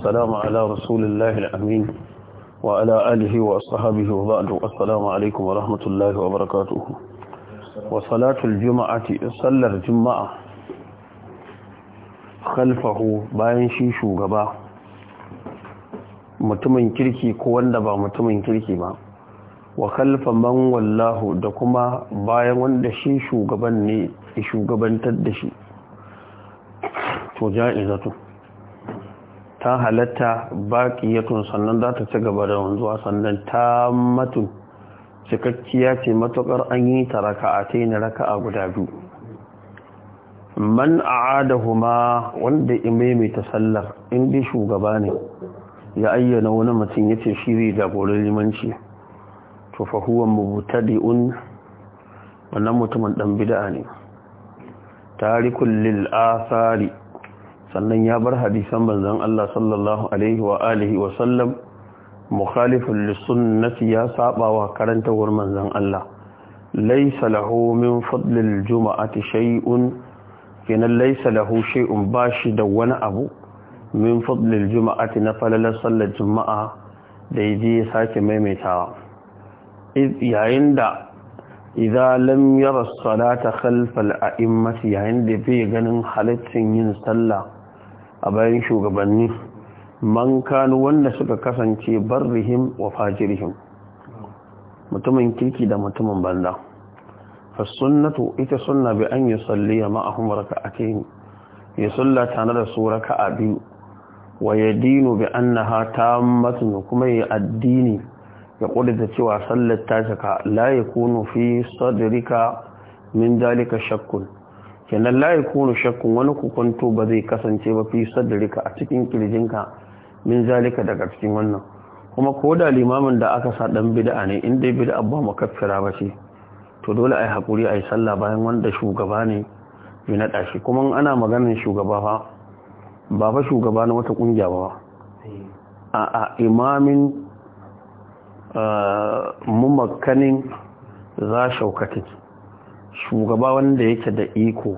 والسلام على رسول الله الأمين وعلى آله وأصحابه وبعد السلام عليكم ورحمة الله وبركاته وصلاة الجمعة صلى الجمعة خلفه باين شي شugaba mutumin kirki ko wanda ba mutumin kirki ba wa khalfa man wallahu da kuma bayan wanda shi shugaban ne ya shugabantar da shi to ja'izatu ta halatta baƙiyatun sannan za ta ci gaba da wanzuwa sannan ta matu cikakkiya ce matuƙar an yi ta raka a ta yi raka'a guda biyu man a adahuma wanda ta sallar inda shugaba ne ya ayyana wani mutum ya ce shi zai gori limanci to fahuwan un wannan mutumin ɗan bida'a ne tarikun lil sannan ya bar hadisan banzan Allah sallallahu alaihi wa alihi wa sallam mukhalifun lissunnati ya saba karantawar manzan Allah laysa lahu min fadlil juma'ati shay'un kenan laysa lahu shay'un bashi da wani abu min fadlil juma'ati na falalar sallar juma'a da yaje ya sake maimaitawa yayin da idza lam yara as-salata khalfa aimmati yayin da bai ganin halaccin yin sallah a bayan shugabanni man kanu wanda suka kasance barrihim wa fajirihim mutumin kirki da mutumin banda fasunnatu ita sunna bi an yusalli ma'ahum raka'atayn ya salla tare da su raka'a biyu wa yadinu bi annaha tammatun kuma ya addini ya kudda cewa sallar ta saka la yakunu fi sadrika min dalika shakkun kenan la kuno shakkun wani kukunto ba zai kasance ba fi sadarika a cikin kirjinka min zalika daga cikin wannan kuma ko da limamin da aka sa dan bid'a ne inda dai bid'a ba kafira ba ce to dole ai hakuri ai sallah bayan wanda shugaba ne ya nada shi kuma ana maganar shugaba fa ba fa shugaba na wata kungiya ba a a imamin eh, makkanin za shaukatin shugaba wanda yake da iko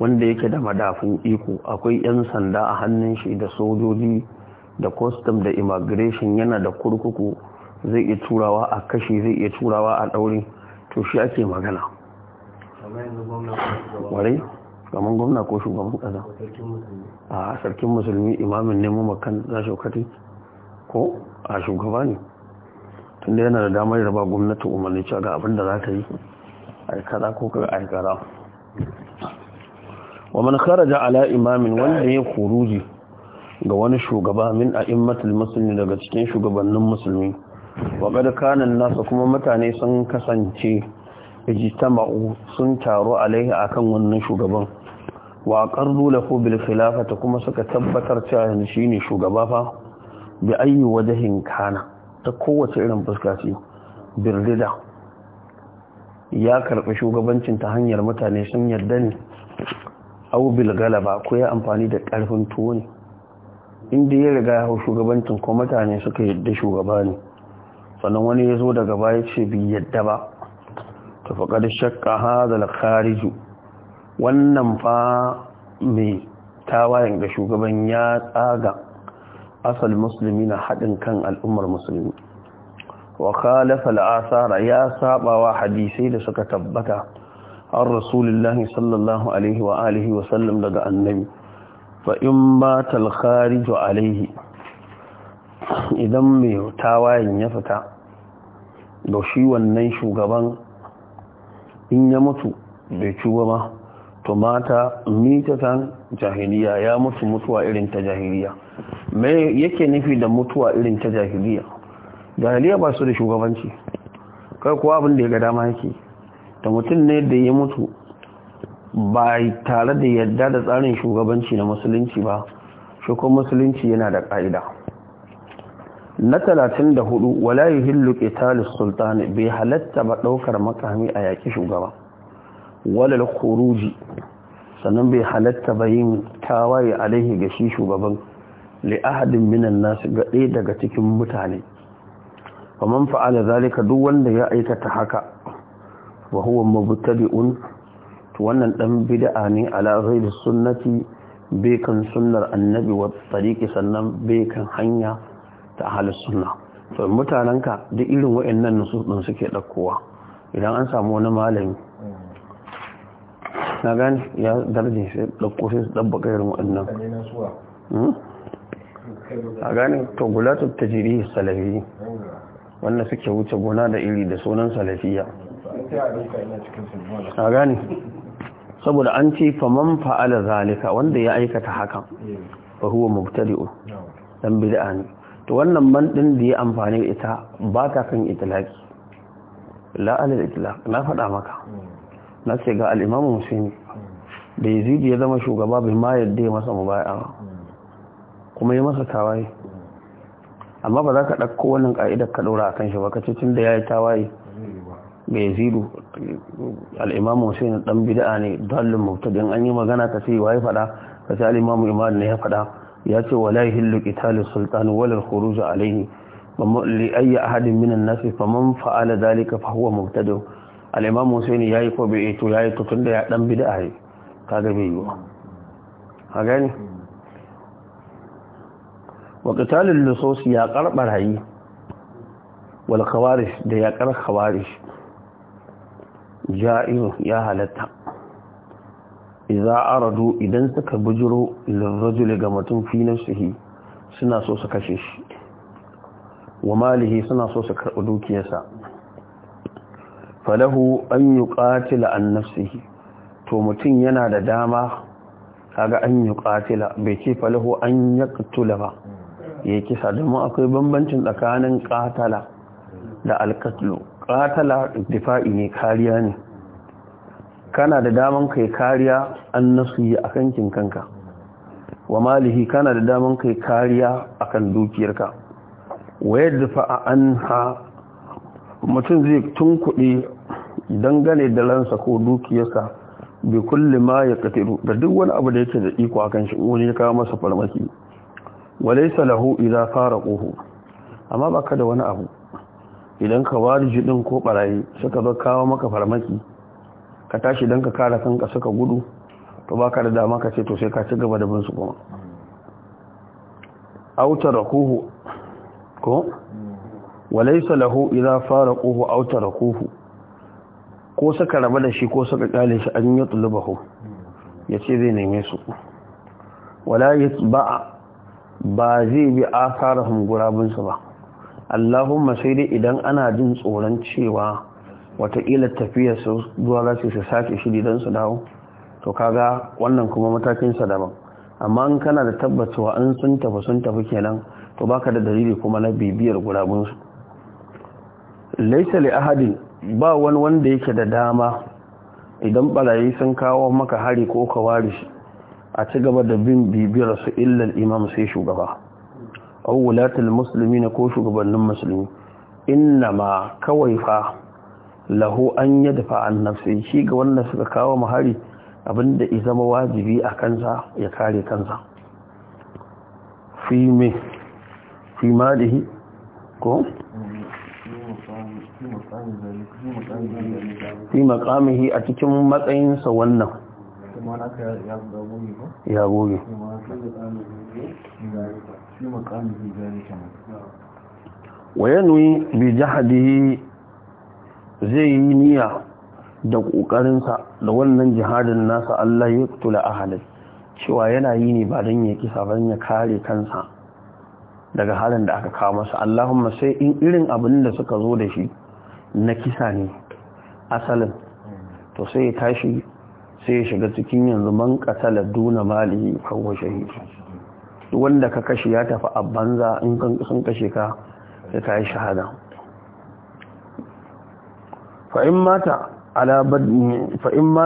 wanda yake da madafu iko akwai 'yan sanda a hannun shi da sojoji da custom da immigration yana da kurkuku zai iya turawa a kashi zai iya turawa a ɗaure to shi ake magana ware gaman gwamna ko shugaban ƙasa a sarkin musulmi imamin neman makan zashi kati ko a shugaba ne tunda yana da damar da ba gwamnati umarni cewa ga abin da za ta yi ai kaza ko ka ai kaza wa man kharaja ala imamin wanda ya kuruji ga wani shugaba min a'immatul muslimin daga cikin shugabannin musulmi wa qad nasa kuma mutane sun kasance ijtama'u sun taro alaihi akan wannan shugaban wa dole lahu bil khilafati kuma suka tabbatar cewa shine shugaba fa bi ayyi wajhin kana ta kowace irin fuska ce birrida ya karɓi shugabancin ta hanyar mutane sun yarda ne aubil galaba ko ya amfani da ƙarfin tuwo ne inda ya riga ya hau shugabancin ko mutane suka yadda shugaba ne sannan wani ya zo daga baya ce bi yadda ba ta faƙar shakka haza da lakariju wannan fa mai tawayen ga shugaban ya tsaga asal musulmi na haɗin kan al'ummar musulmi wa khalafa al'asara ya wa hadisai da suka tabbata an rasulullahi sallallahu alaihi wa alihi wa sallam daga annabi fa in mata al alaihi idan mai tawayen ya fita da shi wannan shugaban in ya mutu bai cuba ba to mata mitatan jahiliya ya mutu mutuwa irin ta jahiliya me yake nufi da mutuwa irin ta jahiliya jahiliya ba su da shugabanci kai kuwa abin da ya ga dama yake da mutum ne da ya mutu ba tare da yadda da tsarin shugabanci na musulunci ba shukun musulunci yana da ƙa'ida na 34 wala yuhillu qitalis sultan bai halatta ba ɗaukar makami a yaƙi shugaba walal kuruji sannan bai halatta ba yin tawaye alaihi ga shi shugaban li'ahadin ahadin minan nasu ga daga cikin mutane faman fa'ala zalika duk wanda ya aikata haka wa huwa mubtadi'un to wannan dan bid'a ne ala ghairi sunnati bai kan sunnar annabi wa tariqi sannan bai kan hanya ta ahlus sunna to mutanen ka duk irin wayannan nusus din suke dakkowa idan an samu wani malami na gani ya darje shi dakko sai su dabba irin wayannan a gane to gulatul tajrihi salafi wanda suke wuce gona da iri da sunan salafiya a gani saboda an ce faman fa'ala zalika wanda ya aikata hakan fa huwa mubtadi'u dan bid'a ne to wannan man din da ya amfani da ita ba ta kan itlaqi la ala itlaq na faɗa maka na ce ga al-imam muslim da yazid ya zama shugaba bai ma yadda ya masa mubaya kuma ya masa tawaye amma ba za ka ɗauko wannan ƙa'idar ka ɗora a kan shi ba ka ce tun da ya yi tawaye mai zidu al'imamu na ɗan bida ne dalilin don an yi magana ka ce wa ya faɗa ka ce al'imamu ne ya faɗa ya ce wa la yahillu qitalu sultan wala kuruja khuruj alayhi li ayyi ahadin minan an-nasi faman fa'ala dhalika fa huwa mubtadi al-imamu hussein yayi ko bai to yayi to tun ya ɗan bida'a ne kaga bai yi ba gani wa qitalul lusus ya karbar hayi wal da ya kar khawarij ja'iru ya halatta idza aradu idan suka bujuro lirrajuli ga mutum fi nafsihi suna so su kashe shi wa suna so su karɓi dukiyarsa falahu an yi ƙatila an nafsihi to mutum yana da dama kaga an yi ƙatila bai ce falahu an ya ƙatula ba ya kisa domin akwai bambancin tsakanin katala da alkatlo katala difa'i ne kariya ne kana da daman kai kariya an nasu yi a kankin kanka wa malihi kana da daman kai kariya a kan dukiyarka wayar difa'a an ha mutum zai tun kuɗi dangane da ransa ko dukiyarsa bi kulli ma ya katiru da duk wani abu da yake da iko kan shi wani ya kawo masa farmaki walaisa lahu idza faraquhu amma baka da wani abu idan ka warji din ko barayi suka zo kawo maka farmaki ka tashi dan ka kara kanka suka gudu to baka da dama ka ce to sai ka ci gaba da bin su kuma aw tarakuhu ko walaisa lahu idza faraquhu aw tarakuhu ko suka raba da shi ko suka kyale shi an yi tulubahu yace zai neme su wala yatba'a ba zai bi hun gurabinsu ba Allahumma sai dai idan ana jin tsoron cewa watakila tafiya su zuwa za su sake shiri don su dawo to kaga wannan kuma matakinsa daban amma in kana da tabbacewa an sun tafi sun tafi kenan to baka da dalili kuma na bibiyar gurabinsu laisa li ahadin ba wani wanda yake da dama idan barayi sun kawo maka hari ko ka shi a ci gaba da bin bibiyar su illal imam sai shugaba aw wulatul ne ko shugabannin musulmi ma kawai fa lahu an dafa an nafsi shi ga wannan suka kawo mahari abinda i zama wajibi a kansa ya kare kansa fi fi malihi ko fi makamihi a cikin matsayinsa wannan ya goge wayanwi bi jihadi zai yi niyya da kokarinsa da wannan jihadin nasa Allah ya tula ahalin cewa yana yi ne ba don ya kisa ba ya kare kansa daga halin da aka kawo masa Allahumma sai in irin abin da suka zo da shi na kisa ne asalin to sai ya tashi sai ya shiga cikin yanzu man qatala duna malihi fa huwa shahid wanda ka kashe ya tafi a banza in kan sun kashe ka sai ka yi shahada fa in mata ala fa in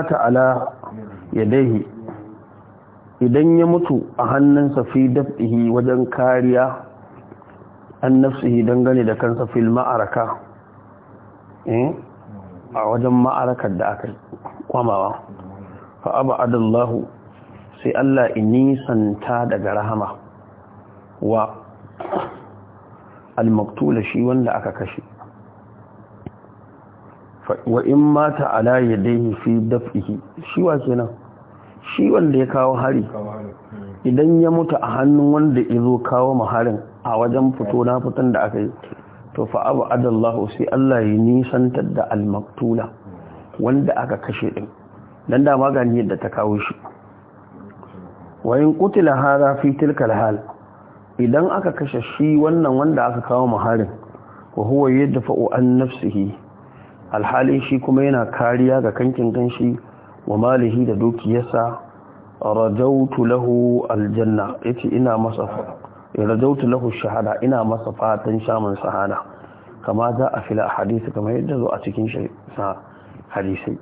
idan ya mutu a hannunsa fi daf'ihi wajen kariya an nafsihi dangane da kansa fil ma'araka eh, a wajen ma'arakar da aka kwamawa فأبعد الله sai Allah nisanta daga rahama wa al-maktula shi wanda aka kashe wa in mata ala yadayhi fi daf'ihi shi wa kenan shi wanda ya kawo hari hmm. idan ya mutu a hannun wanda ya zo kawo maharin a wajen fito na fitan da aka yi to fa abu adallahu sai Allah ya nisantar da al-maktula hmm. wanda aka kashe din dan dama ga niyyar da ta kawo shi wa in qutila hadha fi tilka hal idan aka kashe shi wannan wanda aka kawo maharin wa huwa yadfa'u an nafsihi alhalin shi kuma yana kariya ga kankin kanshi wa malihi da dukiyarsa rajautu lahu aljanna yace ina masa rajautu lahu shahada ina masa fatan shaman sahada kama za a fila hadisi kamar yadda zo a cikin hadisi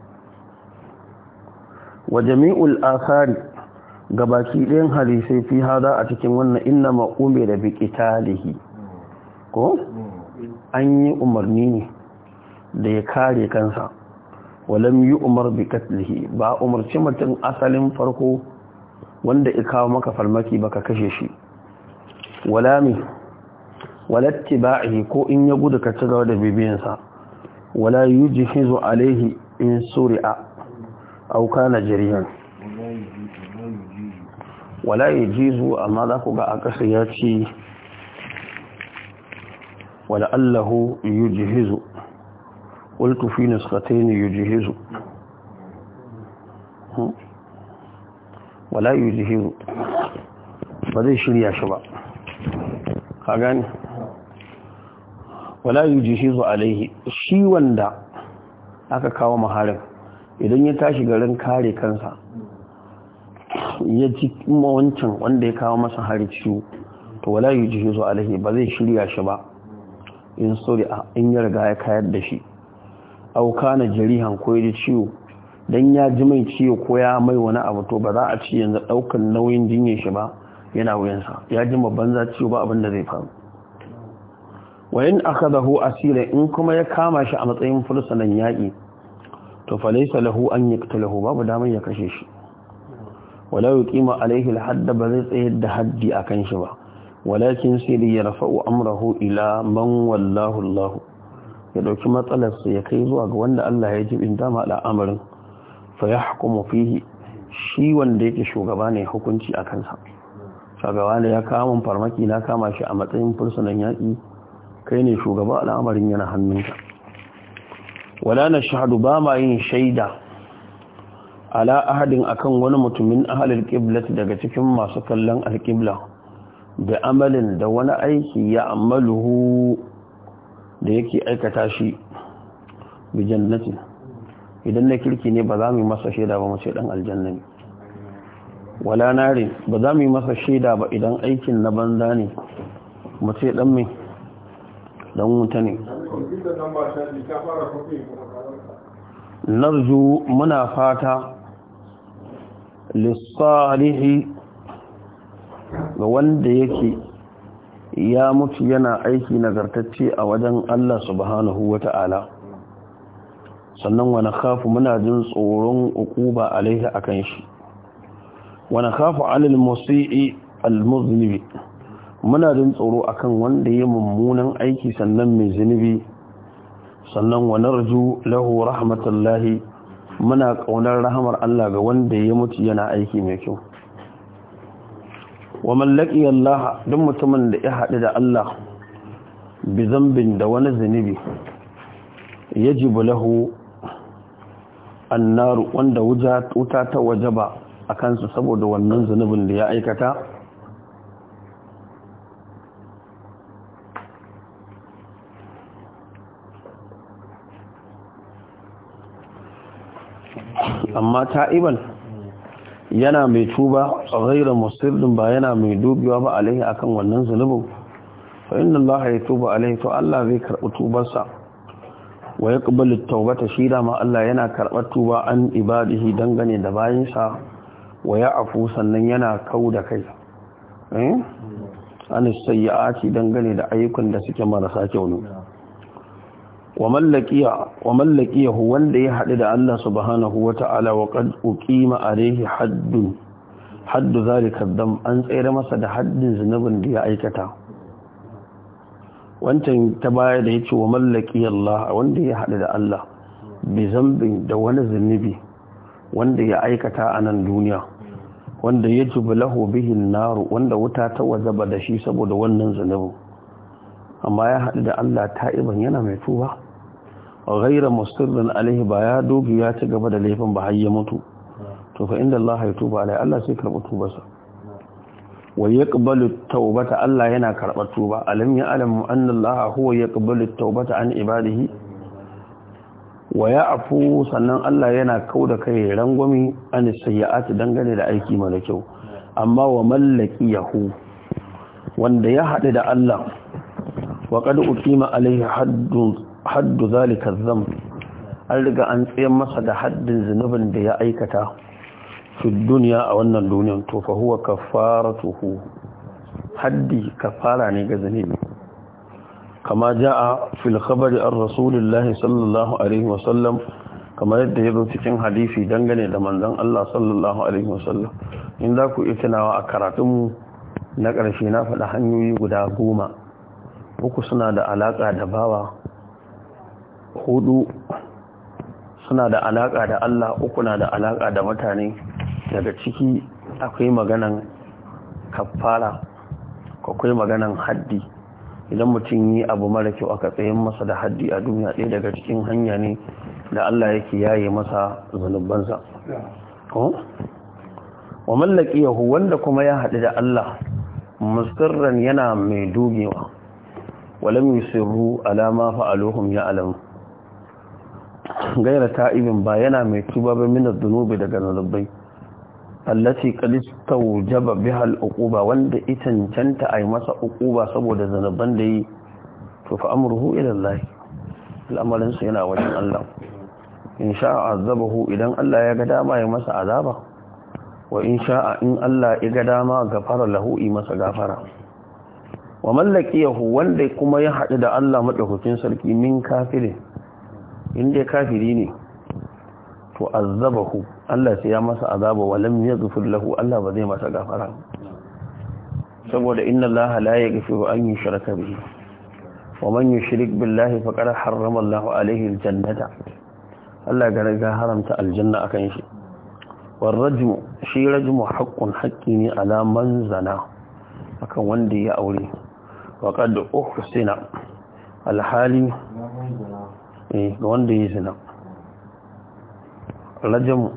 wa jami'ul asari gabaki ɗayan hadisai fi hada a cikin wannan inna ma'ume da biƙitalihi ko an yi umarni ne da ya kare kansa walam yi umar biƙatlihi ba umarci mutum asalin farko wanda ya kawo maka farmaki baka kashe shi walami walatti ba'i ko in ya gudu ka ci gaba da bibiyansa wala yujihizu alaihi in suri'a au kana jariyan wala yajizu amma za ku ga a ƙasa ya ce wala allahu yujhizu qultu fi nuskhatayn yujhizu hmm? wala yujhizu ba zai shirya shi ba ka gani wala yujhizu alaihi shi wanda aka kawo maharin idan ya tashi garin kare kansa ya ji wancan wanda ya kawo masa hari ciwo to wala yi ji su alaihi ba zai shirya shi ba in sori a in ya riga ya kayar da shi auka na jarihan ko ya ciwo don ya ji mai ciwo ko ya mai wani abu to ba za a ci yanzu daukan nauyin jinyar shi ba yana wuyansa ya ji banza ciwo ba abinda zai faru wayan aka akadahu asirin in kuma ya kama shi a matsayin fursunan yaƙi to falaisa lahu an yaktulahu babu daman ya kashe shi wala yuqima alaihi alhadd ba zai tsayar da haddi akan shi ba walakin sai da ya amrahu ila man wallahu Allah ya dauki matsalar sa ya kai zuwa ga wanda Allah ya jibin dama al'amarin fa yahkumu fihi shi wanda yake shugaba ne hukunci a sa. shugaba ne ya kama farmaki na kama shi a matsayin fursunan yaƙi kai ne shugaba al'amarin yana hannunka wala na shahadu ba ma yin shaida ala ahadin akan wani mutumin ahalar ƙiblat daga cikin masu kallon alkibla da amalin da wani aiki ya amaluhu da yake aikata shi bi jannatin idan na kirki ne ba za mu yi masa shaida ba mace dan aljanna ne wala nari ba za mu yi masa shaida ba idan aikin na banza ne mace dan mai dan wuta ne narzu muna fata lissalihi ga wanda yake ya mutu yana aiki nagartacce a wajen Allah subhanahu wa ta'ala sannan wani kafu muna jin tsoron ukuba alaihi kan shi wani kafu alil musi'i al-muzlibi muna jin tsoro akan wanda ya mummunan aiki sannan mai zunubi sannan wa narju lahu rahmatullahi muna kaunar rahamar Allah ga wanda ya mutu yana aiki mai kyau wa mallaki Allah duk mutumin da ya haɗu da Allah bi zambin da wani zunubi yajibu lahu annaru wanda wuta ta wajaba a kansa saboda wannan zunubin da ya aikata amma ta'iban yana mai tuba ghayra musirdin ba yana mai dubiwa ba alaihi akan wannan zunubin fa inna Allah ya tuba alaihi to Allah zai karbi tubarsa wa yaqbalu at-taubata shi da ma Allah yana karɓar tuba an ibadihi dangane da sa wa ya'fu sannan yana da kai eh an aci dangane da ayyukan da suke marasa kyau ne wa mallakiyahu wanda ya haɗu da Allah subhanahu wa ta'ala wa qad a rehi haddu zalika dam an tsere masa da haddin zunubin da ya aikata wancan ta baya da yace wa mallaki Allah wanda ya haɗu da Allah bi zambin da wani zunubi wanda ya aikata a nan duniya wanda yajibu lahu bihi an wanda wuta ta wazaba da shi saboda wannan zunubin amma ya haɗu da Allah ta'iban yana mai tuba wa ghaira alaihi ba ya dogi ya ci gaba da laifin ba har ya mutu to fa inda Allah ya tuba alai Allah sai karɓi tubarsa wa yaqbalu tawbata Allah yana karɓar tuba alam ya alamu anna Allah huwa yaqbalu tawbata an ibadihi wa ya'fu sannan Allah yana kauda kai rangwami an sayyi'at dangane da aiki mara kyau amma wa mallaki yahu wanda ya haɗu da Allah waƙar qad uqima alayhi haddu haddu zalika dhanb an riga an tsayar masa da haddin zinubin da ya aikata fi a wannan duniyan to fa huwa kafaratuhu haddi kafara ne ga zunubi kama ja'a a khabari ar rasulillahi sallallahu alaihi wa yadda ya zo cikin hadisi dangane da manzon Allah sallallahu in za ku yi tunawa a karatunmu na ƙarshe na faɗi hanyoyi guda goma uku suna da alaƙa da bawa hudu suna da alaƙa da Allah uku na da alaƙa da mutane daga ciki akwai maganan kafara akwai maganan haddi idan mutum yi abu mara kyau aka tsayin masa da haddi a duniya ɗaya daga cikin hanya ne da Allah yake yaye masa zunubansa wa mallaki yahu wanda kuma ya haɗu da Allah musirran yana mai dogewa walam alama ala ma fa'aluhum ya'lam gaira ta'ibin ba yana mai tuba ba min dhunubi daga zalbai allati qad tawjaba biha al-uquba wanda itancanta ay masa uquba saboda zanaban da yi to fa amruhu ila Allah al'amarin sa yana wajen Allah in sha'a azabahu idan Allah ya ga dama ya masa azaba wa in sha'a in Allah ya ga dama gafara lahu masa gafara wa yahu, wanda kuma ya haɗu da Allah maɗaukacin sarki min kafire inda kafiri ne to azabahu Allah sai ya masa azaba wa lam yaghfir lahu Allah ba zai masa gafara saboda inna Allah la yaghfiru an yushraka bihi wa man yushrik billahi faqad harrama Allah alayhi aljannata Allah ga riga haramta aljanna akan shi wal rajmu shi rajmu haqqun haqqi ne ala man zana akan wanda ya aure وقد أحسن الحالي إيه وانده يزنا رجم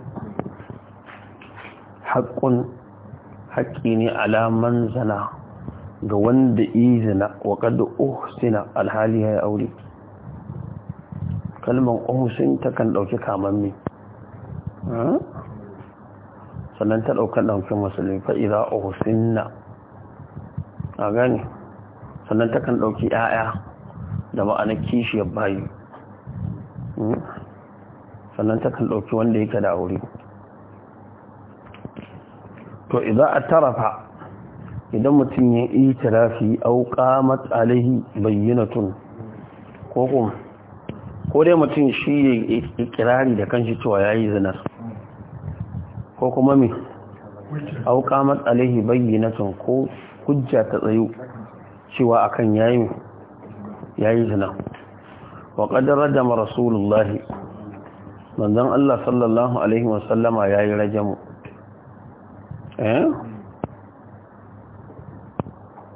حق حقيني على من زنا ga wanda izina wa kada uhsina alhali ya aure kalmar uhsin ta kan dauki kamanni sannan ta dauka dauki musulmi fa a sannan takan ɗauki 'ya'ya da ma'anar kishiyar bayi hmm? sannan takan ɗauki wanda yake da aure to idan a tarafa idan mutum ya yi tarafi auka matsalihi bayyanatun ko kuma ko dai mutum shi ya kirari da kanshi cewa ya yi zinar ko kuma mai auka matsalihi bayyanatun ko hujja ta tsayu cewa akan yayin yayi zina wa qad rajama rasulullah manzon Allah sallallahu alaihi wa wasallama yayi rajamu eh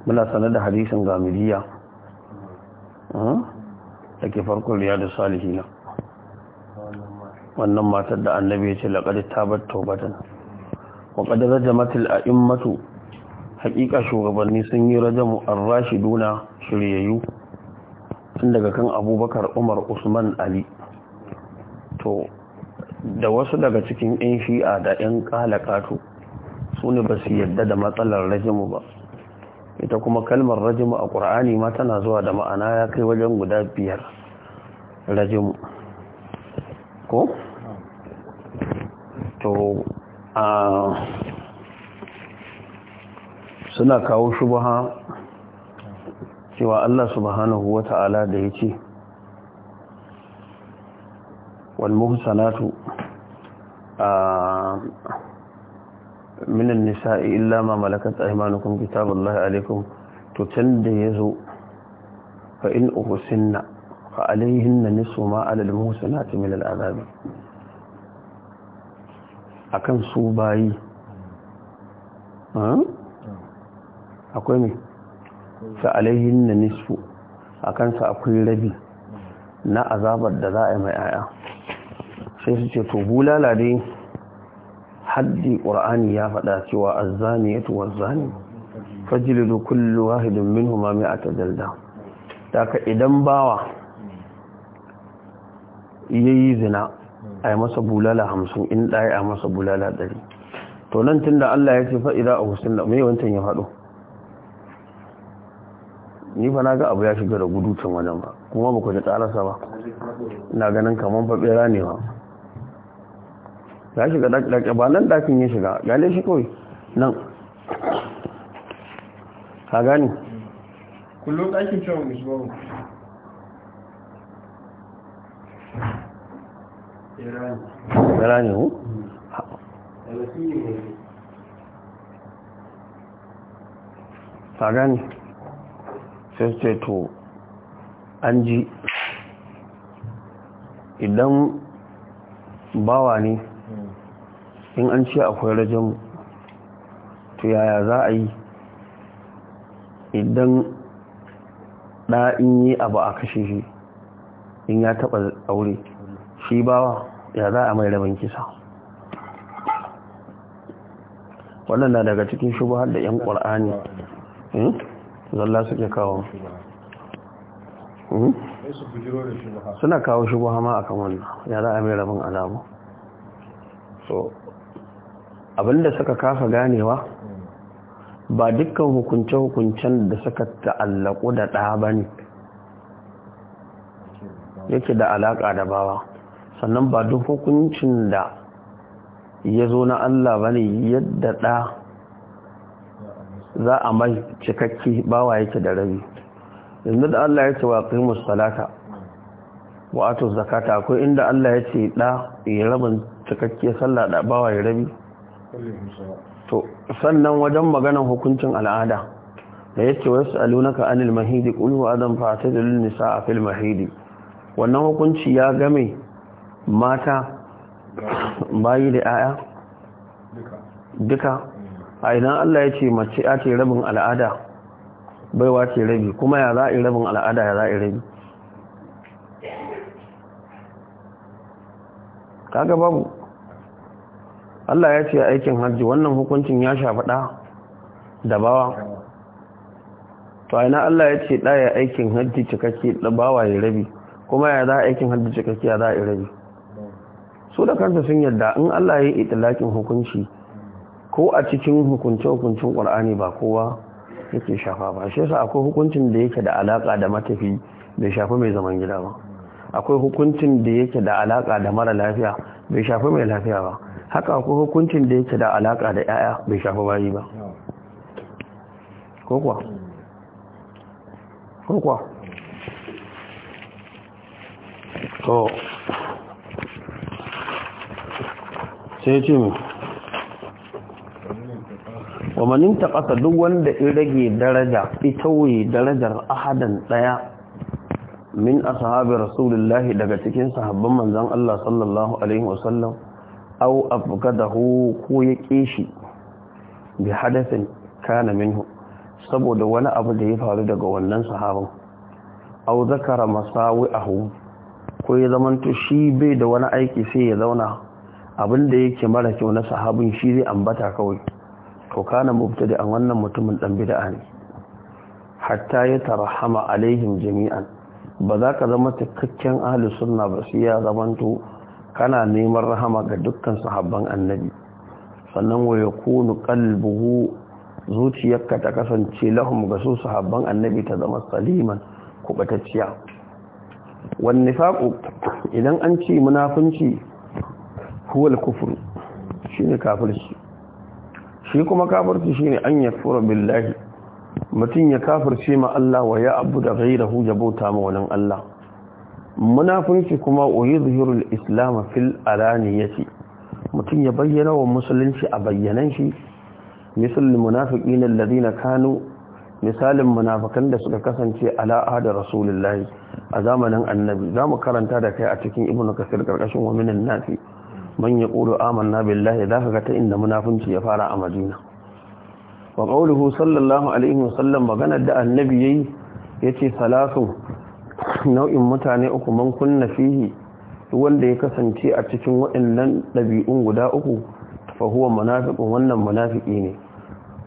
muna sanar da hadisin gamiliya da hmm? ke farkon riya da salihina wannan matar da annabi ya ce laƙar tabar taubatan wa ƙadar jamatil a immatu hakika shugabanni sun yi rajamu rashi rashiduna shiryayyu tun daga kan abubakar umar usman ali to da wasu daga cikin 'yan shi'a da 'yan kalakatu su ne ba su yadda da matsalar rajimu ba ita kuma kalmar rajimu a ƙur'ani ma tana zuwa da ma'ana ya kai wajen guda biyar rajimu ko? to a suna kawo shubaha cewa Allah subhanahu wa ta'ala da ya ce walmuhsanatu a minan nisa'i illa ma malakat aimanukum kitabullahi alaikum to can da ya zo fa in uhusinna fa alaihinna nisu ma alal muhsanati min a akan su bayi hmm? akwai mai sa alaihin na nisfu a kansa akwai rabi na azabar da za a yi mai aya sai su ce to bulala dai haddi ƙur'ani ya faɗa cewa azzani ya tuwa zani fajilu kullu wahidin min humami a tajalda daga idan bawa ya yi zina a yi masa bulala hamsin in ɗaya a masa bulala ɗari to nan tun da allah ya ce fa'ida a husin da mai wancan ya faɗo ni ba na ga abu ya shiga da gudu can wajen ba kuma ba ku ji karasa ba na ganin kamar babera ne ba ya shiga daƙi ba nan dakin ya shiga gane shi kawai nan ka gani kullum dakin cewa mai shiga bera ne hu? ka gani sai ce to an ji idan bawa ne in an ce akwai rajin to yaya za a yi idan ɗa'in yi abu a kashe shi in ya taɓa aure shi bawa ya za a mai rabin kisa wannan na daga cikin shubuhar da 'yan ƙwar'ani hmm? zalla suke kawo hmm? suna kawo shubuha ma akan wannan ya za a mai rabin alamu so abinda suka kafa ganewa ba dukkan hukunce-hukuncen da suka ta'allaku da ɗa ba ne yake da alaƙa da bawa sannan ba duk hukuncin da ya zo na Allah ba ne yadda ɗa za a mai cikakke bawa yake da rabi yanzu da Allah ya ce wa kuma salata wa atu zakata akwai inda Allah ya ce da ya rabin cikakke sallah da bawa ya rabi to sannan wajen maganar hukuncin al'ada da ya ce wasu alunaka anil mahidi qul huwa adam nisa a fil mahidi wannan hukunci ya game mata bayi da 'ya'ya duka a ina Allah ya ce mace ya ce rabin al'ada baiwa ce rabi kuma ya za'i rabin al'ada ya za'i rabi kaga babu Allah ya ce aikin hajji wannan hukuncin ya sha ɗa da bawa to a ina Allah ya ce ɗaya aikin hajji cikakke da bawa ya rabi kuma ya za aikin hajji cikakke ya za'i rabi su da kansa sun yadda in Allah ya yi itilakin hukunci ko a cikin hukunce-hukuncin ƙwar'ani ba kowa yake shafa ba shi yasa akwai hukuncin da yake da alaƙa da matafi bai shafi mai zaman gida ba akwai hukuncin da yake da alaƙa da mara lafiya bai shafi mai lafiya ba haka akwai hukuncin da yake da alaƙa da 'ya'ya bai shafi bayi ba ko kuwa to ce wa manin taƙasa duk wanda in rage daraja itauye darajar ahadan ɗaya min ashabi rasulullahi daga cikin sahabban manzon Allah sallallahu alaihi wasallam aw afgadahu ko ya kishi bi hadathin kana minhu saboda wani abu da ya faru daga wannan sahaban aw zakara masawi'ahu ko ya zamanto shi bai da wani aiki sai ya zauna abinda yake mara kyau na sahabin shi zai ambata kawai to kana mubtada an wannan mutumin dan bid'a ne hatta ya tarhama alaihim jami'an ba za ka zama cikakken ahlus sunna ba sai ya zamanto kana neman rahama ga dukkan sahabban annabi sannan wa yakunu qalbuhu zuciyarka ta kasance lahum ga su sahabban annabi ta zama saliman kubatacciya wan nifaqu idan an ce munafinci huwal kufru shine kafirci shi kuma kafirci shine an yakfura billahi mutum ya kafirce ma Allah wa ya abu da ghairahu ya bauta ma wannan Allah munafinci kuma uyizhiru al-islam fil alaniyati mutum ya bayyana wa musulunci a bayyanan shi misalin munafiqina alladhina kanu misalin munafikan da suka kasance ala ahda rasulullahi a zamanin annabi zamu karanta da kai a cikin ibnu kasir karkashin wa minan nafi man yaqulu amanna billahi zaka ga ta inda munafunci ya fara a Madina wa qawluhu sallallahu alaihi wasallam maganar da annabi yayi ce salatu nau'in mutane uku man kunna fihi wanda ya kasance a cikin waɗannan ɗabi'un guda uku fa huwa munafiqun wannan munafuki ne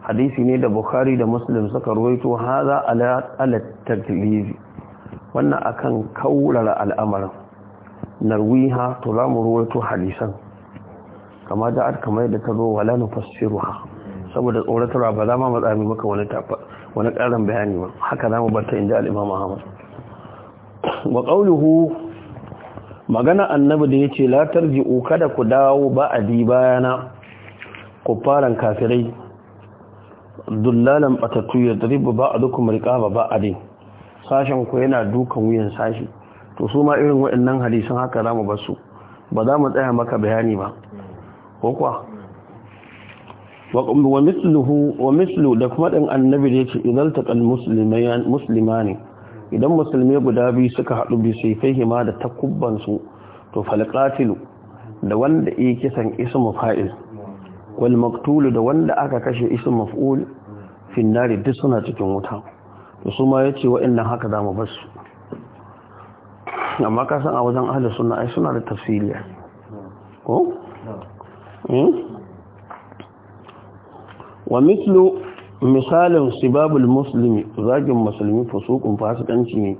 hadisi ne da bukhari da muslim suka ruwaito haza ala ala wannan akan kaurara al'amarin narwiha to za mu ruwaito hadisan kama da aka mai da ta zo wala na fassiruha saboda tsoratarwa ba za ma matsa maka wani tafa bayani ba haka za mu barta inda al'imam ahamad wa ƙaunuhu magana annabi da ya ce latar ji'u kada ku dawo ba a di bayana ku faran kafirai dullalan batattu ya dribu ba a dukkan riƙa ba a din sashen ku yana dukan wuyan sashi to su ma irin waɗannan hadisan haka za mu basu ba za mu tsaya maka bayani ba ko kuwa wa misluhu wa mislu da kuma ɗin annabi da yake idan taqal musulma ne idan musulmi guda biyu suka haɗu bi sai fahima da takubansu to falƙatilu da wanda yake kisan ismu fa'il wal maktulu da wanda aka kashe ismu maf'ul fi duk suna cikin wuta to su ma yace wa'annan haka za mu basu amma ka san a wajen ahli suna ai suna da tafsiri ko eh? wa mithlu misalin sibabul muslimi zagin musulmi fusukun fasikanci ne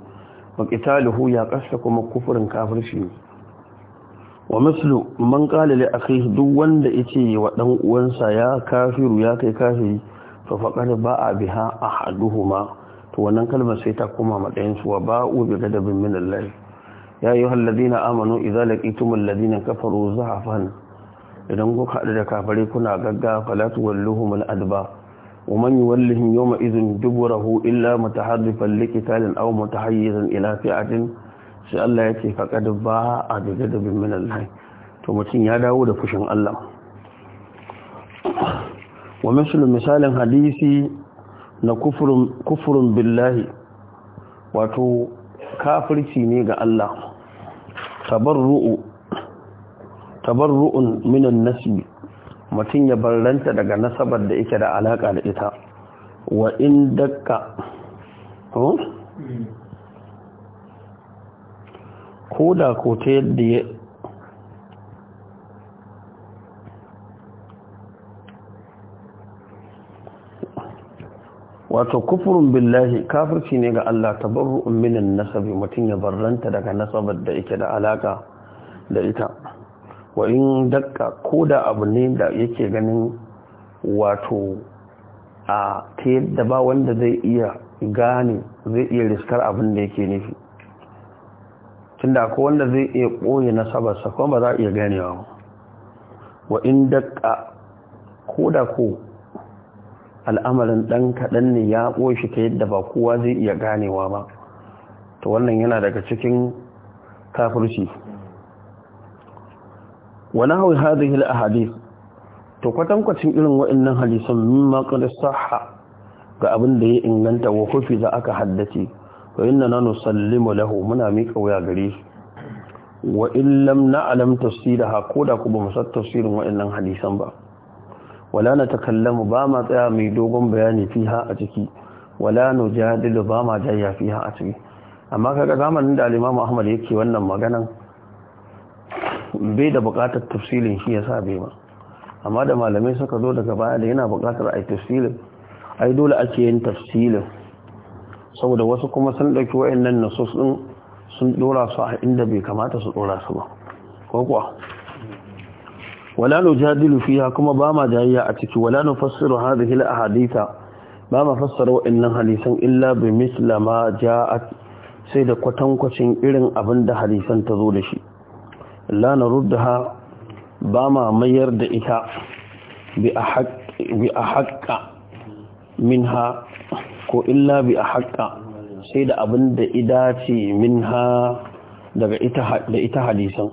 wa qitaluhu ya kasa kuma kufurin kafirci ne wa mithlu man qala li akhihi duk wanda yace wa dan uwansa ya kafiru ya kai kafiri fa ba ba'a biha ahaduhuma to wannan kalmar sai ta koma madayin su wa ba'u bi gadabin min Allah ya yi hallazina amanu idza laqitumul ladina kafaru zahafan idan kuka haɗu da kafare kuna gagga falatu walluhum al-adba wa man yuwallihim yawma idhin duburahu illa mutahaddifan liqitalin aw mutahayyizan ila fi'atin sai Allah yake faqad ba a daga min Allah to mutum ya dawo da fushin Allah wa mislu misalin hadisi na kufrun billahi wato kafirci ne ga Allah tabarru'u tabarru'un minan nasbi mutum ya barranta daga nasabar da yake da alaƙa da ita wa in dakka ko hmm. da ko ta yadda wato kufurin billahi kafirci ne ga Allah ta tabarru'un minan nasabi mutum ya barranta daga nasabar da yake da alaka da ita wa in dakka da abu ne da yake ganin wato a ta yadda ba wanda zai iya gane zai iya riskar abin da yake nufi da ko wanda zai iya ɓoye nasabar sakon ba za a iya ganewa wa in dakka da ko al'amarin ɗan kaɗan ne ya ɓoshi ta yadda ba kowa zai iya ganewa ba to wannan yana daga cikin kafirci wani hau hil a hadis to kwatankwacin irin waɗannan hadisan mimma saha ga abin da ya inganta wa kufi za aka haddace to inna na nusallimu lahu muna miƙa wuya gare shi wa illam na alam tafsiraha ko da kuma musar tafsirin waɗannan hadisan ba wala na takallamu ba ma tsaya mai dogon bayani fiha a ciki wala nu jadilu ba ma jayya fiha a ciki amma kaga zamanin da alimamu Ahmad yake wannan maganan bai da bukatar tafsilin shi ya sa bai ba amma da malamai suka zo daga baya da yana buƙatar yi tafsilin ai dole ake yin tafsilin saboda wasu kuma sun ɗauki wa'in nan din sun dora su a inda bai kamata su dora su ba ko wala nujadilu fiha kuma ba ma jayayya a ciki wala nufassiru hadhihi al a ba ma fassara wa'annan hadisan illa bi misla ma ja'at sai da kwatankwacin irin abin da hadisan ta zo da shi la naruddaha ba ma mayar da ita bi ahaqqa minha ko illa bi ahaqqa sai da abin da idace minha daga ita da ita hadisan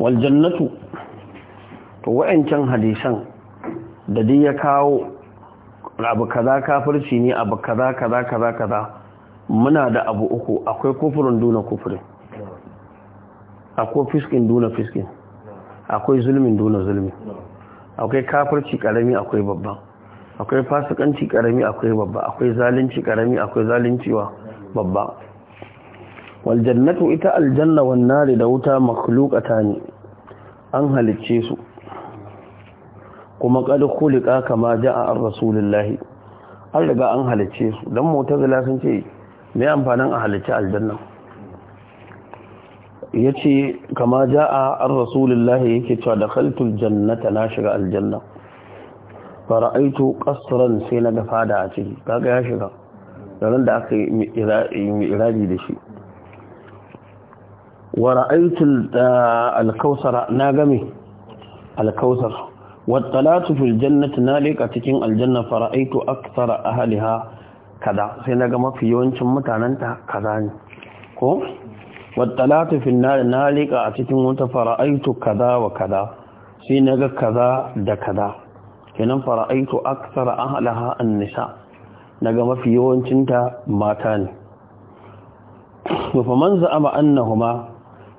wal jannatu to wa'ancan hadisan da duk ya kawo abu kaza kafirci ne abu kaza kaza kaza kaza muna da abu uku akwai kufurin duna kufurin akwai fiskin duna fiskin akwai zulmin duna zulmin akwai kafirci karami akwai babba akwai fasikanci karami akwai babba akwai zalunci karami akwai zalunciwa babba wal jannatu ita aljanna wan da wuta makhluqatan ne an halicce su kuma qad khuliqa kama jaa ar rasulullahi an riga an halice su dan mu'tazila sun ce me amfanin a halice aljanna yace kama jaa ar rasulullahi yake cewa kaltul jannata na shiga aljanna fara'aitu qasran sai na dafa da a ciki kaga ya shiga ranar da aka yi iradi da shi wa da alkausara na game alkausar wattalatu fil jannati na leƙa cikin aljanna fara'aitu aksara ahliha kaza sai naga mafi yawancin mutananta kaza ne ko wattalatu fil nar na leƙa cikin wata fara'aitu kaza wa kaza sai naga kaza da kaza kenan fara'aitu aksara ahliha an-nisa naga mafi yawancin ta mata ne to fa man za'ama annahuma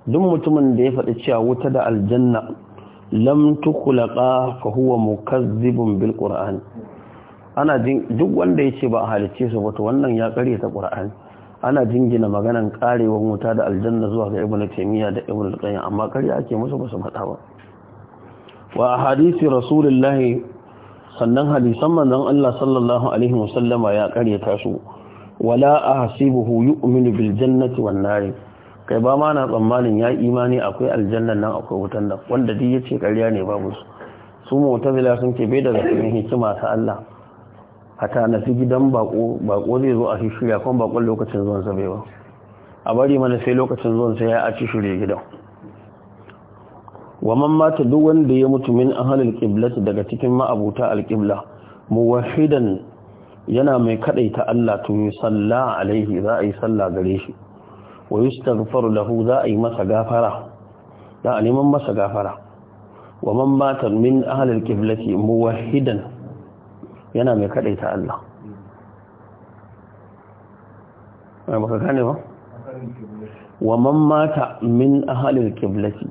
duk mutumin da ya faɗi cewa wuta da aljanna lam tukhlaqa fa huwa mukazzibun bil qur'an ana duk wanda yace ba halice su ba to wannan ya kare ta qur'an ana jingina maganan karewar wuta da aljanna zuwa ga ibnu taymiya da ibnu qayyim amma kare ake musu ba su fada ba wa hadisi rasulullahi sannan hadisan manzon Allah sallallahu alaihi wasallama ya kare ta su wala ahsibuhu yu'minu bil jannati wan nar kai ba ma na tsammanin ya imani akwai aljannan nan akwai wutan nan wanda duk yace ƙarya ne babu su su zila sun ce bai da zafin hikima ta Allah hata na fi gidan bako bako zai zo a shirya kuma bakon lokacin zuwan sa bai ba a bari mana sai lokacin zuwan sa ya a ci shirye gidan wa man mata duk wanda ya mutu min ahlil qiblat daga cikin ma'abuta alqibla muwahhidan yana mai kadaita Allah to salla alaihi za a yi salla gare shi wa da lahu za a yi masa gafara da a neman masa gafara wa man mata min ahlil qiblati muwahhidan yana mai kadaita Allah ai baka gane ba wa man mata min ahlil qiblati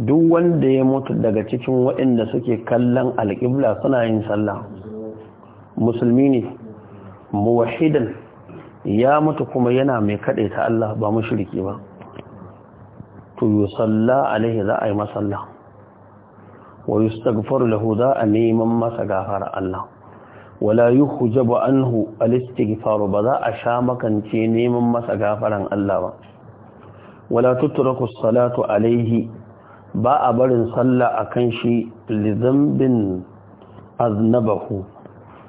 duk wanda ya mutu daga cikin waɗanda suke kallon alƙibla suna yin sallah musulmi ne muwahhidan ya mutu kuma yana mai kaɗe ta Allah ba mushriki ba to yusalla alaihi za a yi masalla wa yustaghfaru lahu za a neman masa gafara Allah wala yuhjabu anhu al ba za a sha makance neman masa gafaran Allah ba wala tutraku salatu alaihi ba a barin sallah akan shi li dhanbin aznabahu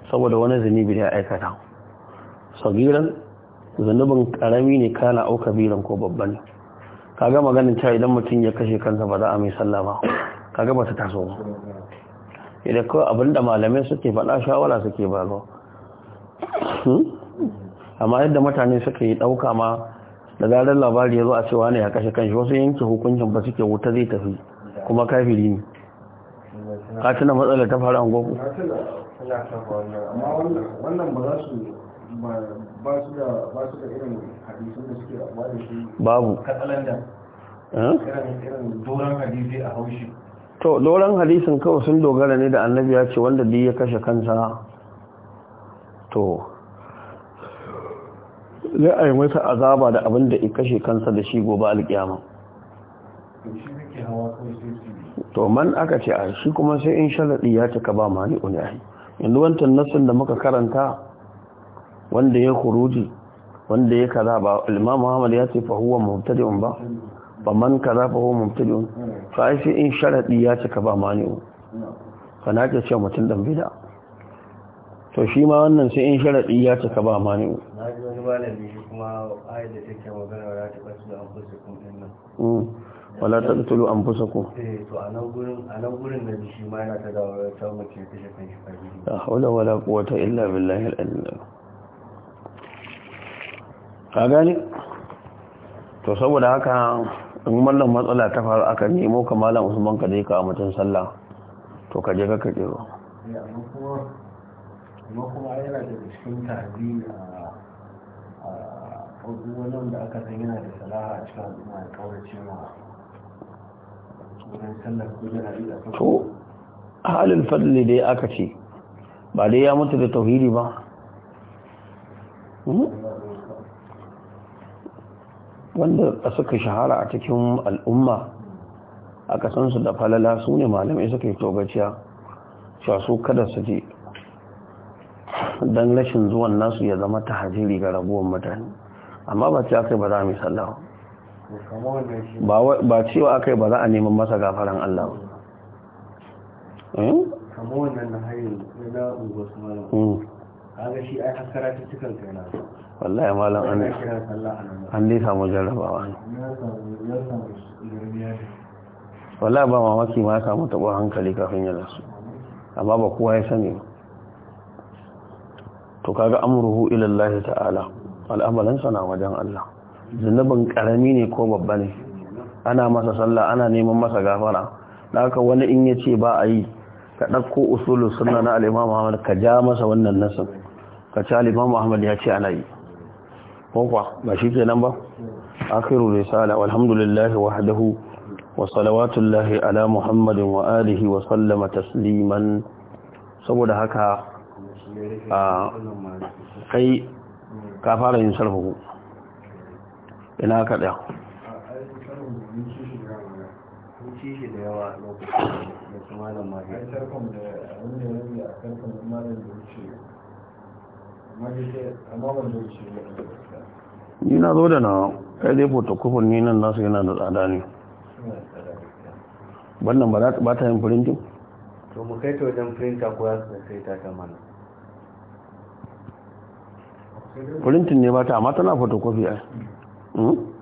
saboda wani zunubi da ya aikata sabiran zunubin karami ne kana au kabiran ko babban kaga maganin cewa idan mutum ya kashe kansa ba za a mai sallah ba kaga ba ta taso ba idan kawai abinda malamai suke faɗa shawara suke ba ba hmm? amma yadda mutane suka yi ɗauka ma da zarar labari ya zo a cewa ne ya kashe kanshi wasu yanke hukuncin ba suke wuta zai tafi kuma kafiri ne ka tuna matsalar ta fara an amma wannan ba za su ba su da irin hadisun da suke abuwa da shi babu da irin doron hadisi a haushi to doron hadisin kawai sun dogara ne da annabi ya ce wanda duk ya kashe kansa to zai a yi masa azaba da abin da ya kashe kansa da shi gobe alkiyama to man aka ce a shi kuma sai in sharaɗi ya cika ba ma ni unahi yanzu wancan nassin da muka karanta wanda ya kuruji wanda ya kaza ba Imam Muhammad ya ce fahuwa huwa mubtadi'un ba fa man kaza fahuwa huwa mubtadi'un fa ai sai in sharadi ya cika ba mani'u fa na ce mutum dan bid'a to shi ma wannan sai in sharadi ya cika ba mani'u na ji wani malami kuma ayat da take magana wa ta kasu an fusa kun nan. Mm. wala taqtulu anfusakum eh to anan gurin anan gurin da shi ma yana ta dawo ta mace ta shi kan shi fadi la wala wala quwwata illa billahi al-aliyyil ka gani to saboda haka in mallan matsala ta faru aka nemo ka malam usman ka je ka mutum sallah to ka je ka kaɗe ba amma kuma yana da cikin tabi a ah, ah, wani wanda aka san yana da salaha a cikin al'umma ya kaurace ma wurin sallar kudin a to halin fadli dai aka ce ba dai ya mutu da tauhiri ba hmm? wanda suka shahara a cikin al'umma a kasansu da falala su ne malamai suka yi togaciya cewa su kada su je don rashin zuwan nasu ya zama ta hajiri ga rabuwan mutane amma ba ce aka ba za mu sallawa ba cewa aka ba za a neman masa gafaran Allah eh? kama wannan na hanyar na unguwa su malam mm. kaga shi ai har ta cikin kai na wallahi malam an an dai samu jarrabawa wallahi ba mamaki ma samu taɓa hankali kafin ya lasu amma ba kowa ya sani ba to kaga amruhu ila Allah ta'ala al'amalan na wajen Allah zunubin karami ne ko babba ne ana masa sallah ana neman masa gafara haka wani in ya ce ba a yi ka dauko usulus sunna na al-Imam ka ja masa wannan nasin ka ce al-Imam Ahmad ya ce ana yi kofa ba shi ke nan ba akhiru risala walhamdulillahi wahdahu wa salawatullahi ala muhammadin wa alihi wa sallama tasliman saboda haka a kai ka fara yin sarfahu ina ka daya amma ban da wuce ni na zo da na kai dai kufin ni nan nasu yana da tsada ne wannan ba ta yin firintin to mu kai ta wajen firinta ko ya su sai ta ta mana firintin ne ba ta amma tana kufi ai hmm?